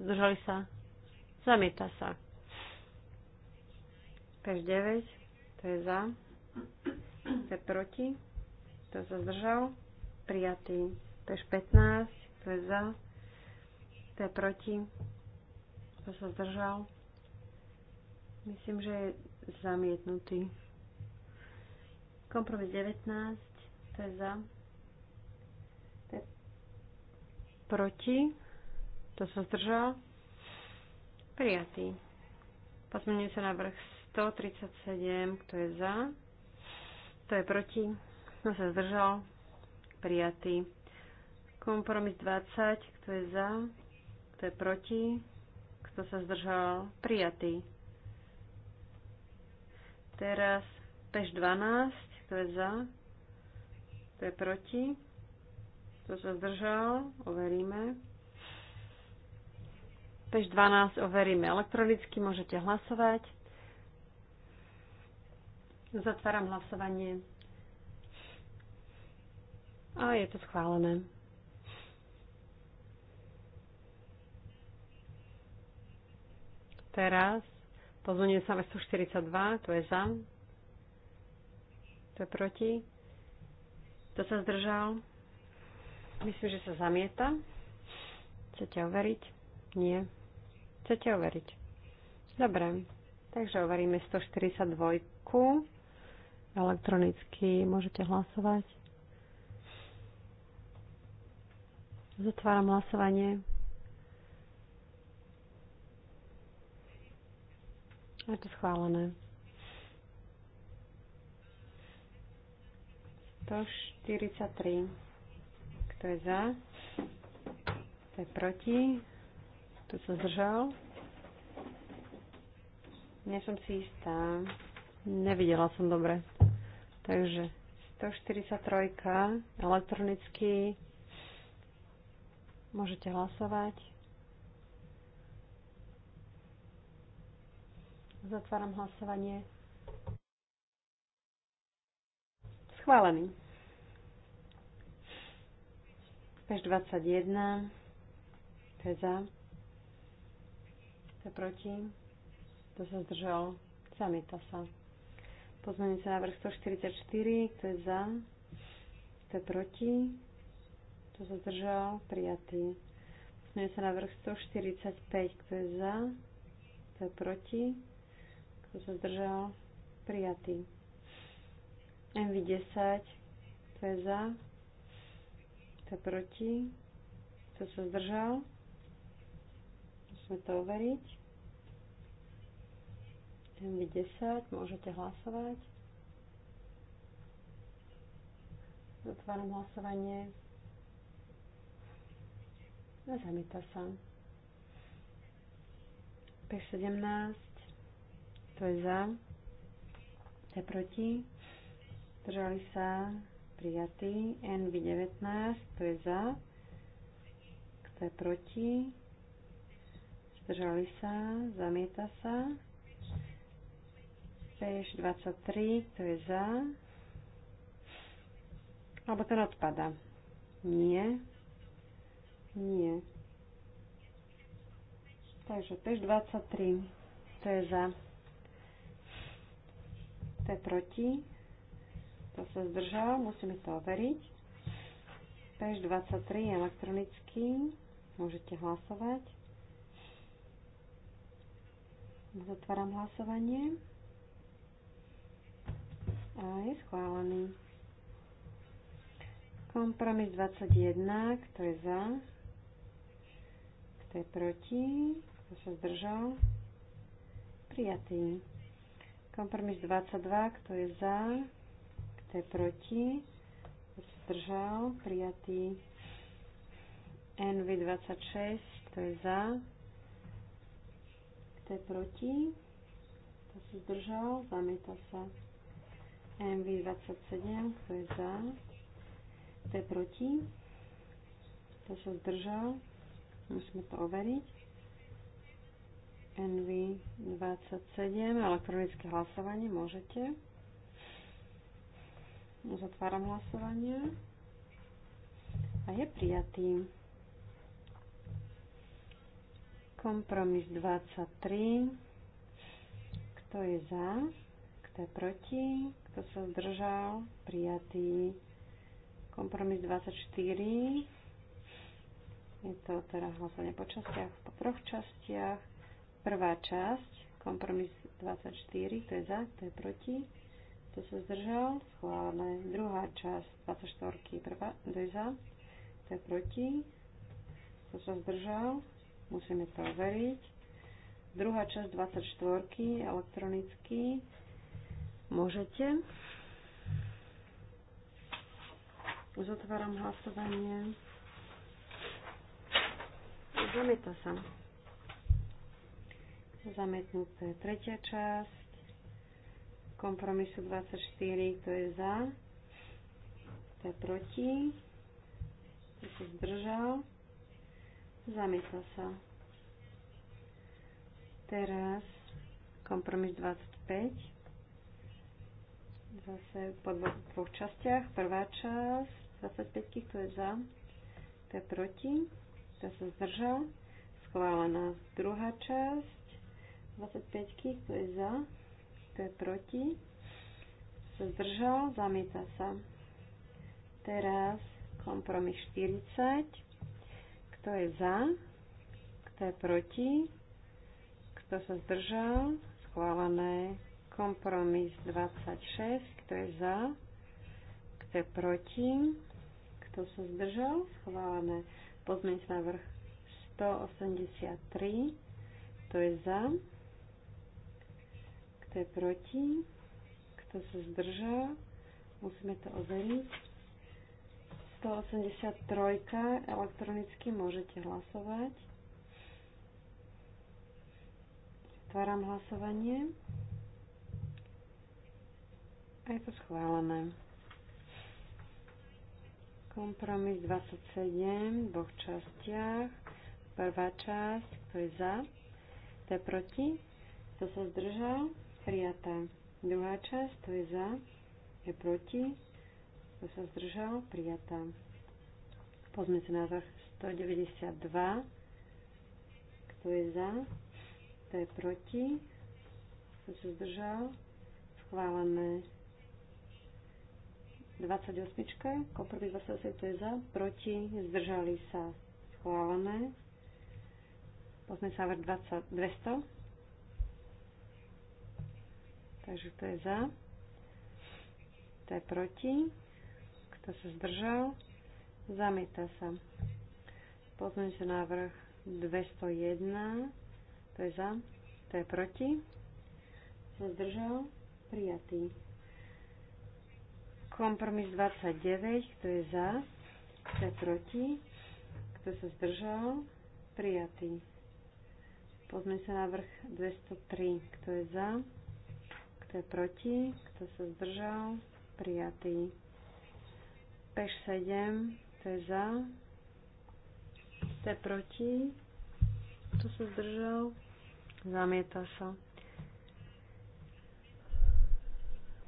zdržali sa, zamieta sa. Peš 9, to je za, to je proti, to sa zdržal, prijatý. Peš 15, to je za, to je proti, to sa zdržal. Myslím, že je zamietnutý. Kompromis 19, to je za. To je proti, to sa zdržal. Prijatý. Pozmením sa na vrch 137, kto je za, to je proti, kto sa zdržal. Prijatý. Kompromis 20, kto je za, kto je proti, kto sa zdržal. Prijatý. Teraz pež 12, to je za, to je proti, to sa zdržal, overíme. Pež 12 overíme elektronicky, môžete hlasovať. Zatváram hlasovanie. A je to schválené. Teraz Pozvanie sa 142, to je za. To je proti. To sa zdržal. Myslím, že sa zamieta. Chcete overiť? Nie. Chcete overiť? Dobre. Takže overíme 142 elektronicky môžete hlasovať. Zatváram hlasovanie. Je to schválené. To 43. Kto je za? Kto je proti? Kto sa zdržal? Nie som si istá. Nevidela som dobre. Takže 143 elektronicky. Môžete hlasovať. Zatváram hlasovanie. Schválený. Pež 21. To je za. To je proti. To sa zdržal. Zamieta sa. Pozmeňujúci návrh 144. Kto je za? Kto je proti? Kto sa zdržal? Prijatý. Pozmeňujúci návrh 145. Kto je za? Kto je proti? kto sa zdržal, prijatý. MV10, kto je za, kto je proti, To sa zdržal, musíme to overiť. MV10, môžete hlasovať. Zatváram hlasovanie. A sa. P17. Kto je za? Kto je proti? Zdržali sa? Prijatý. NB19. Kto je za? Kto je proti? Zdržali sa? Zamieta sa? Peš 23. Kto je za? Alebo ten odpada? Nie. Nie. Takže peš 23. To je za kto je proti, kto sa zdržal, musíme to overiť. Pež 23 elektronický, môžete hlasovať. Zatváram hlasovanie. A je schválený. Kompromis 21, kto je za, kto je proti, kto sa zdržal, prijatý. Kompromis 22, kto je za, kto je proti, kto sa zdržal, prijatý. NV26, kto je za, kto je proti, kto sa zdržal, zamieta sa. NV27, kto je za, kto je proti, kto sa zdržal, musíme to overiť. NV 27, elektronické hlasovanie, môžete. Zatváram hlasovanie. A je prijatý. Kompromis 23. Kto je za? Kto je proti? Kto sa zdržal? Prijatý. Kompromis 24. Je to teda hlasovanie po častiach, po troch častiach Prvá časť, kompromis 24, to je za, to je proti. To sa zdržal, schválené. Druhá časť, 24, prvá, to je za, to je proti. To sa zdržal, musíme to overiť. Druhá časť 24, elektronicky. Môžete. Uzatváram hlasovanie. Zamieta sa. Zamietnuté tretia časť. Kompromisu 24, kto je za? Kto je proti? Kto sa zdržal? Zamietla sa. Teraz kompromis 25. Zase po dvoch, dvoch častiach. Prvá časť 25, kto je za? Kto je proti? Kto sa zdržal? Schválená druhá časť. 25, kto je za, kto je proti, kto sa zdržal, zamieta sa. Teraz kompromis 40, kto je za, kto je proti, kto sa zdržal, schválené. Kompromis 26, kto je za, kto je proti, kto sa zdržal, schválené. Pozmeň sa vrch 183, kto je za, kto je proti? Kto sa zdržal? Musíme to overiť. 183. Elektronicky môžete hlasovať. Otváram hlasovanie. A je to schválené. Kompromis 27 v dvoch častiach. Prvá časť, kto je za, kto je proti, kto sa zdržal, Prijatá. Druhá časť, to je za, je proti, to sa zdržal, prijatá. Pozme sa návrh 192, kto je za, kto je proti, kto sa zdržal, schválené. 28, prvý 28, to je za, proti, zdržali sa, schválené. Pozme sa návrh 20, 200, Takže to je za? Kto je proti? Kto sa zdržal? Zamieta sa. Pozmeňte návrh 201. To je za. To je proti. Sa zdržal. Prijatý. Kompromis 29. Kto je za? Kto je proti? Kto sa zdržal? Prijatý. Pozmeňte návrh 203. Kto je za? Kto je proti? Kto sa zdržal? Prijatý. Peš 7. Kto je za? Kto je proti? Kto sa zdržal? Zamieta sa.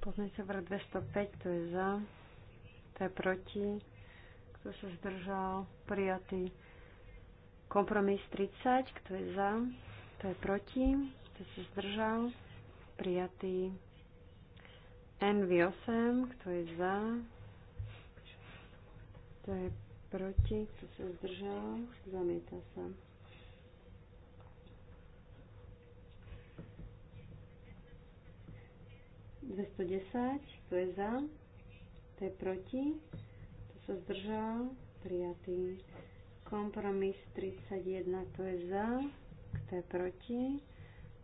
Pozmeňte sa vrch 205. Kto je za? Kto je proti? Kto sa zdržal? Prijatý. Kompromis 30. Kto je za? Kto je proti? Kto sa zdržal? prijatý. NV8, kto je za, kto je proti, kto sa zdržal, zamieta sa. Dvesto kto je za, kto je proti, kto sa zdržal, prijatý. Kompromis 31, kto je za, kto je proti,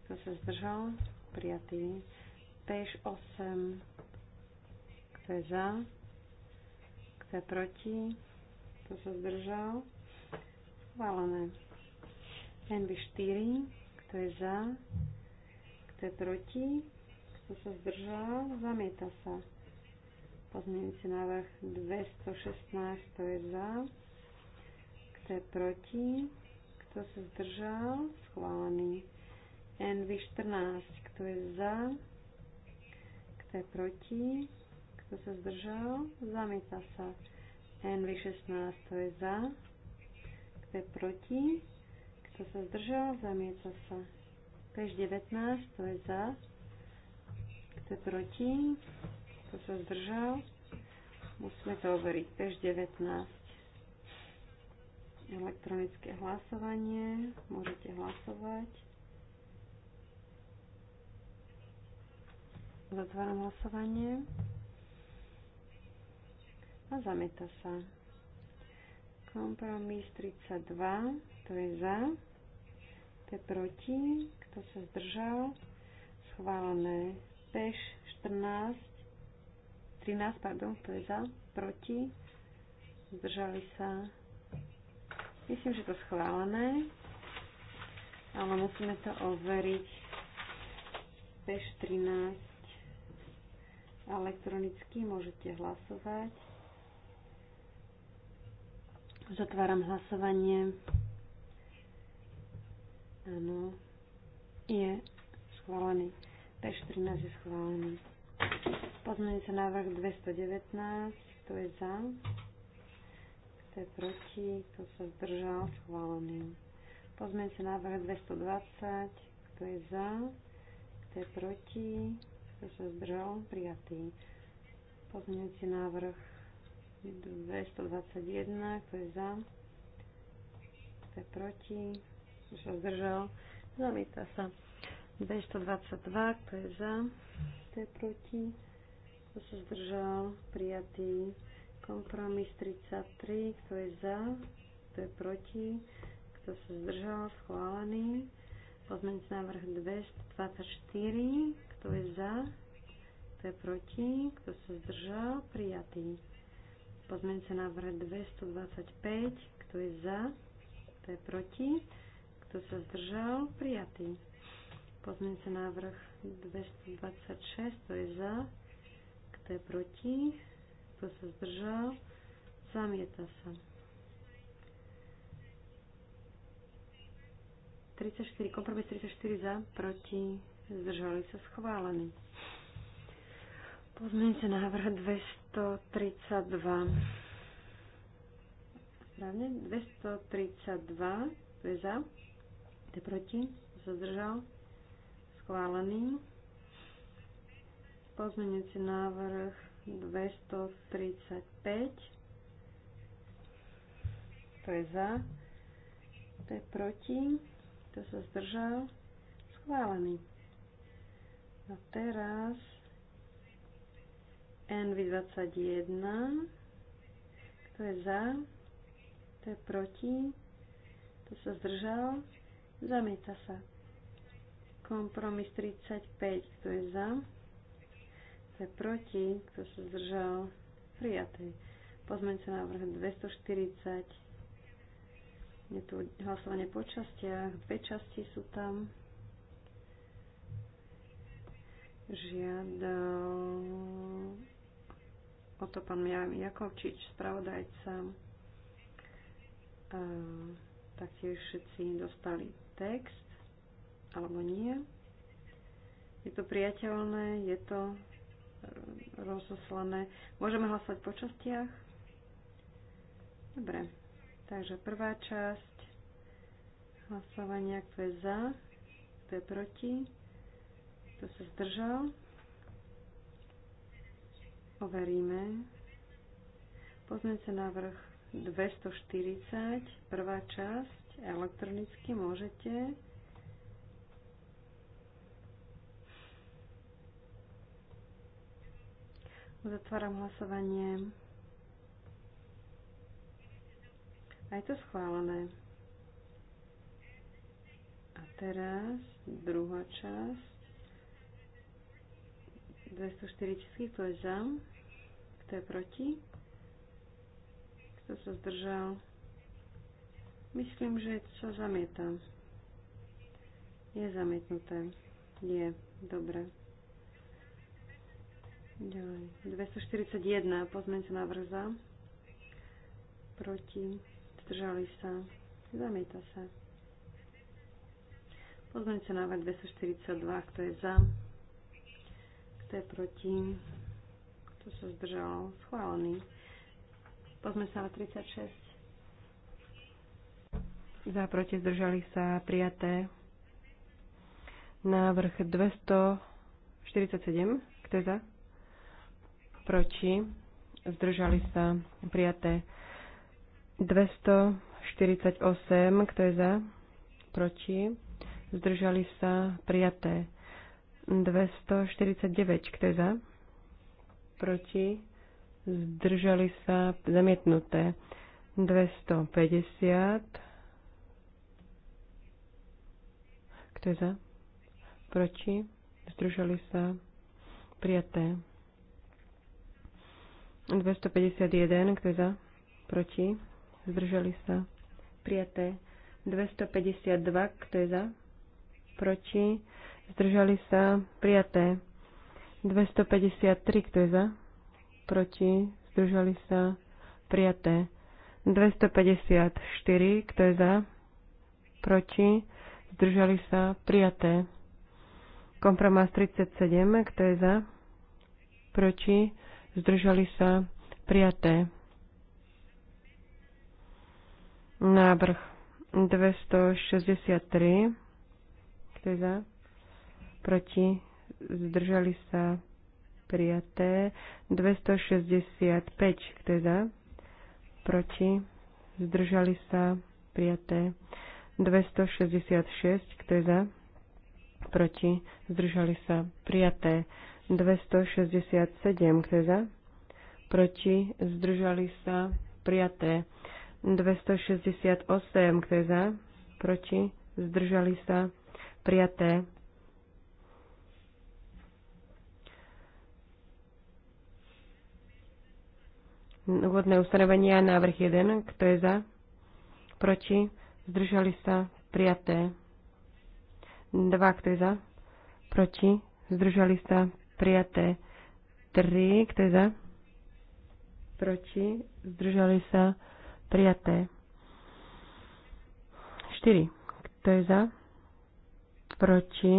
kto sa zdržal, prijatý. Peš 8, kto je za, kto je proti, kto sa zdržal, schválené. NB 4, kto je za, kto je proti, kto sa zdržal, zamieta sa. Pozmienujúci návrh 216, kto je za, kto je proti, kto sa zdržal, schválený. NV14, kto je za? Kto je proti? Kto sa zdržal? Zamieta sa. NV16, kto je za? Kto je proti? Kto sa zdržal? Zamieta sa. Peš 19, kto je za? Kto je proti? Kto sa zdržal? Musíme to overiť. Peš 19 elektronické hlasovanie. Môžete hlasovať. Zatváram hlasovanie. A zamieta sa. Kompromis 32. To je za. To je proti. Kto sa zdržal? Schválené. Peš 14. 13, pardon. To je za. Proti. Zdržali sa. Myslím, že to schválené. Ale musíme to overiť. Peš 13. Elektronicky môžete hlasovať. Zatváram hlasovanie. Áno. Je schválený. P14 je schválený. sa návrh 219. Kto je za? Kto je proti? Kto sa zdržal? Schválený. sa návrh 220. Kto je za? Kto je proti? kto sa zdržal, prijatý. Pozmeňujte návrh 221, kto je za, kto je proti, kto sa zdržal, zamieta sa. 222, kto je za, kto je proti, kto sa zdržal, prijatý. Kompromis 33, kto je za, kto je proti, kto sa zdržal, schválený. Pozmeňujte návrh 224, kto je za, kto je proti, kto sa zdržal, prijatý. Pozmeňujúce návrh 225, kto je za, kto je proti, kto sa zdržal, prijatý. Pozmeňujúce návrh 226, kto je za, kto je proti, kto sa zdržal, zamieta sa. 34, kompromis 34 za, proti, zdržali sa schválený. Pozmeňte návrh 232. Správne? 232. To je za. To je proti. Zadržal. zdržal. Schválený. Pozmeňujúci návrh 235. To je za. To je proti. To sa zdržal. Schválený. A teraz NV21. Kto je za? Kto je proti? Kto sa zdržal? Zamieta sa. Kompromis 35. Kto je za? Kto je proti? Kto sa zdržal? Prijatý. Pozmeňte návrh 240. Je tu hlasovanie po častiach. Dve časti sú tam. Žiadal o to pán Jakovčič, spravodajca. Taktiež všetci dostali text, alebo nie. Je to priateľné, je to rozoslané. Môžeme hlasovať po častiach? Dobre. Takže prvá časť hlasovania, kto je za, kto je proti. Kto sa zdržal? Overíme. na návrh 240, prvá časť, elektronicky môžete. Uzatváram hlasovanie. A je to schválené. A teraz druhá časť. 240, kto je za, kto je proti, kto sa zdržal. Myslím, že sa zamieta. Je zamietnuté. Je, dobre. Ďalej. 241, pozmeňte návrh za, proti, zdržali sa, zamieta sa. Pozmeňte návrh 242, kto je za, kto je proti? Kto sa zdržal? Schválený. Pozme sa na 36. Za proti zdržali sa prijaté. Návrh 247. Kto je za? Proti. Zdržali sa prijaté. 248. Kto je za? Proti. Zdržali sa prijaté. 249. Kto je za? Proti? Zdržali sa zamietnuté. 250. Kto je za? Proti? Zdržali sa prijaté. 251. k je za? Proti? Zdržali sa prijaté. 252. Kto je za? Proti? zdržali sa, prijaté. 253, kto je za, proti, zdržali sa, prijaté. 254, kto je za, proti, zdržali sa, prijaté. Kompromás 37, kto je za, proti, zdržali sa, prijaté. Návrh 263, kto je za, proti, zdržali sa prijaté. 265, kto je za, proti, zdržali sa prijaté. 266, kto je za, proti, zdržali sa prijaté. 267, kto je za, proti, zdržali sa prijaté. 268, kto je za, proti, zdržali sa prijaté. Úvodné ustanovenia, návrh 1. Kto je za? Proti? Zdržali sa? Prijaté. 2. Kto je za? Proti? Zdržali sa? Prijaté. 3. Kto je za? Proti? Zdržali sa? Prijaté. 4. Kto je za? Proti?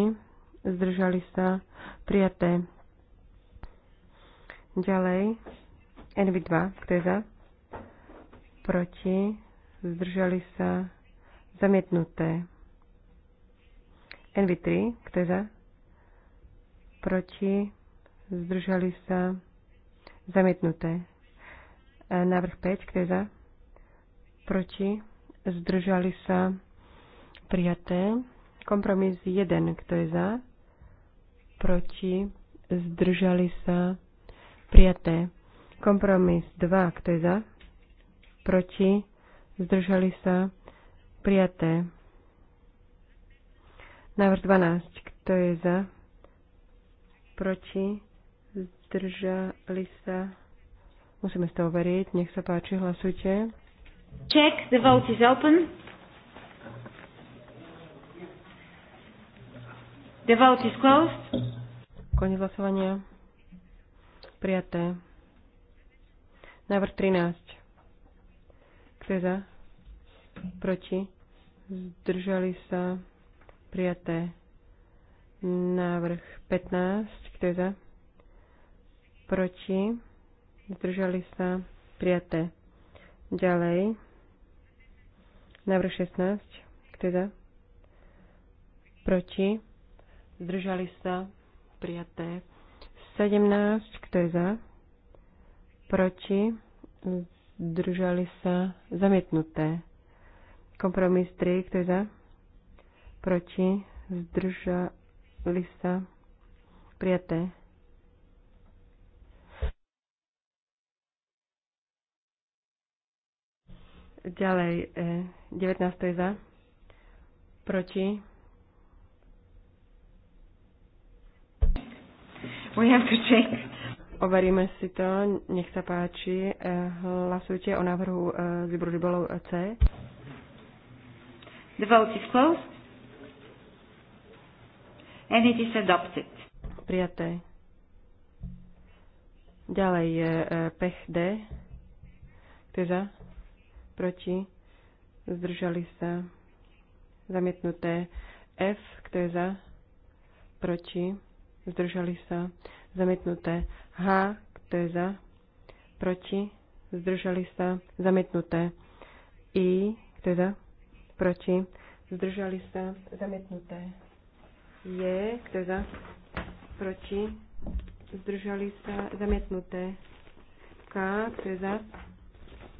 Zdržali sa? Prijaté. Ďalej. NV2, kto je za? Proti? Zdržali sa? Zamietnuté. NV3, kto je za? Proti? Zdržali sa? Zamietnuté. E, návrh 5, kto je za? Proti? Zdržali sa? Prijaté. Kompromis 1, kto je za? Proti? Zdržali sa? Prijaté. Kompromis 2, kto je za? Proti? Zdržali sa? Prijaté. Návrh 12, kto je za? Proti? Zdržali sa? Musíme z toho veriť. Nech sa páči, hlasujte. Check, the vote is open. The vote is closed. Koniec hlasovania. Prijaté. Návrh 13. Kto je za? Proti? Zdržali sa? Prijaté. Návrh 15. Kto je za? Proti? Zdržali sa? Prijaté. Ďalej. Návrh 16. Kto je za? Proti? Zdržali sa? Prijaté. 17. Kto je za? proti, zdržali sa, zamietnuté. Kompromis 3, kto je za, proti, zdržali sa, prijaté. Ďalej, 19 e, je za, proti, We have to check. Overíme si to, nech sa páči. E, hlasujte o návrhu z e, výboru C. The vote is closed. And it is adopted. Prijaté. Ďalej je e, pech D. Kto je za? Proti? Zdržali sa. Zamietnuté F. Kto je za? Proti? zdržali sa, zamietnuté. H, kto je za, proti, zdržali sa, zamietnuté. I, kto je za, proti, zdržali sa, zamietnuté. J, kto je za, proti, zdržali sa, zamietnuté. K, kto je za,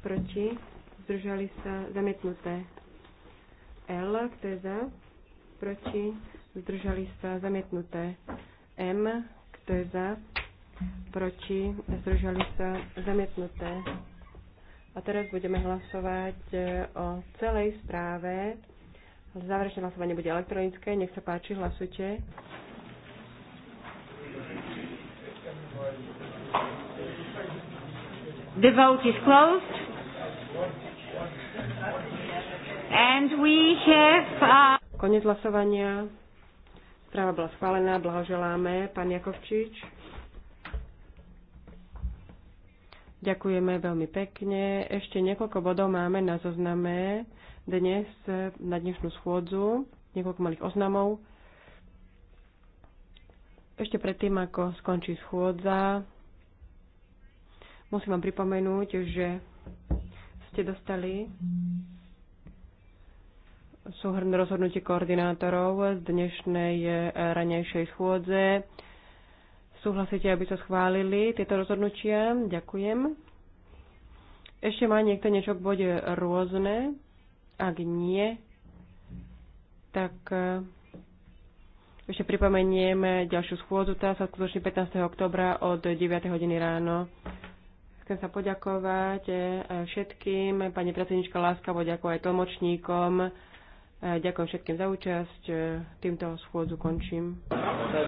proti, zdržali sa, zamietnuté. L, kto je za, proti, zdržali sa, zamietnuté. M, kto je za, proti, zdržali sa, zamietnuté. A teraz budeme hlasovať e, o celej správe. Záverečné hlasovanie bude elektronické. Nech sa páči, hlasujte. The vote is closed. And we have... Uh... Konec hlasovania. Správa bola schválená, blahoželáme. Pán Jakovčič. Ďakujeme veľmi pekne. Ešte niekoľko bodov máme na zozname dnes na dnešnú schôdzu. Niekoľko malých oznamov. Ešte predtým, ako skončí schôdza, musím vám pripomenúť, že ste dostali súhrn rozhodnutí koordinátorov z dnešnej eh, ranejšej schôdze. Súhlasíte, aby sa schválili tieto rozhodnutia? Ďakujem. Ešte má niekto niečo k bode rôzne? Ak nie, tak eh, ešte pripomenieme ďalšiu schôdzu. Tá sa skutočne 15. oktobra od 9. hodiny ráno. Chcem sa poďakovať eh, všetkým. Pani predsednička Láska, poďakovať tlmočníkom Ďakujem všetkým za účasť. Týmto schôdzu končím.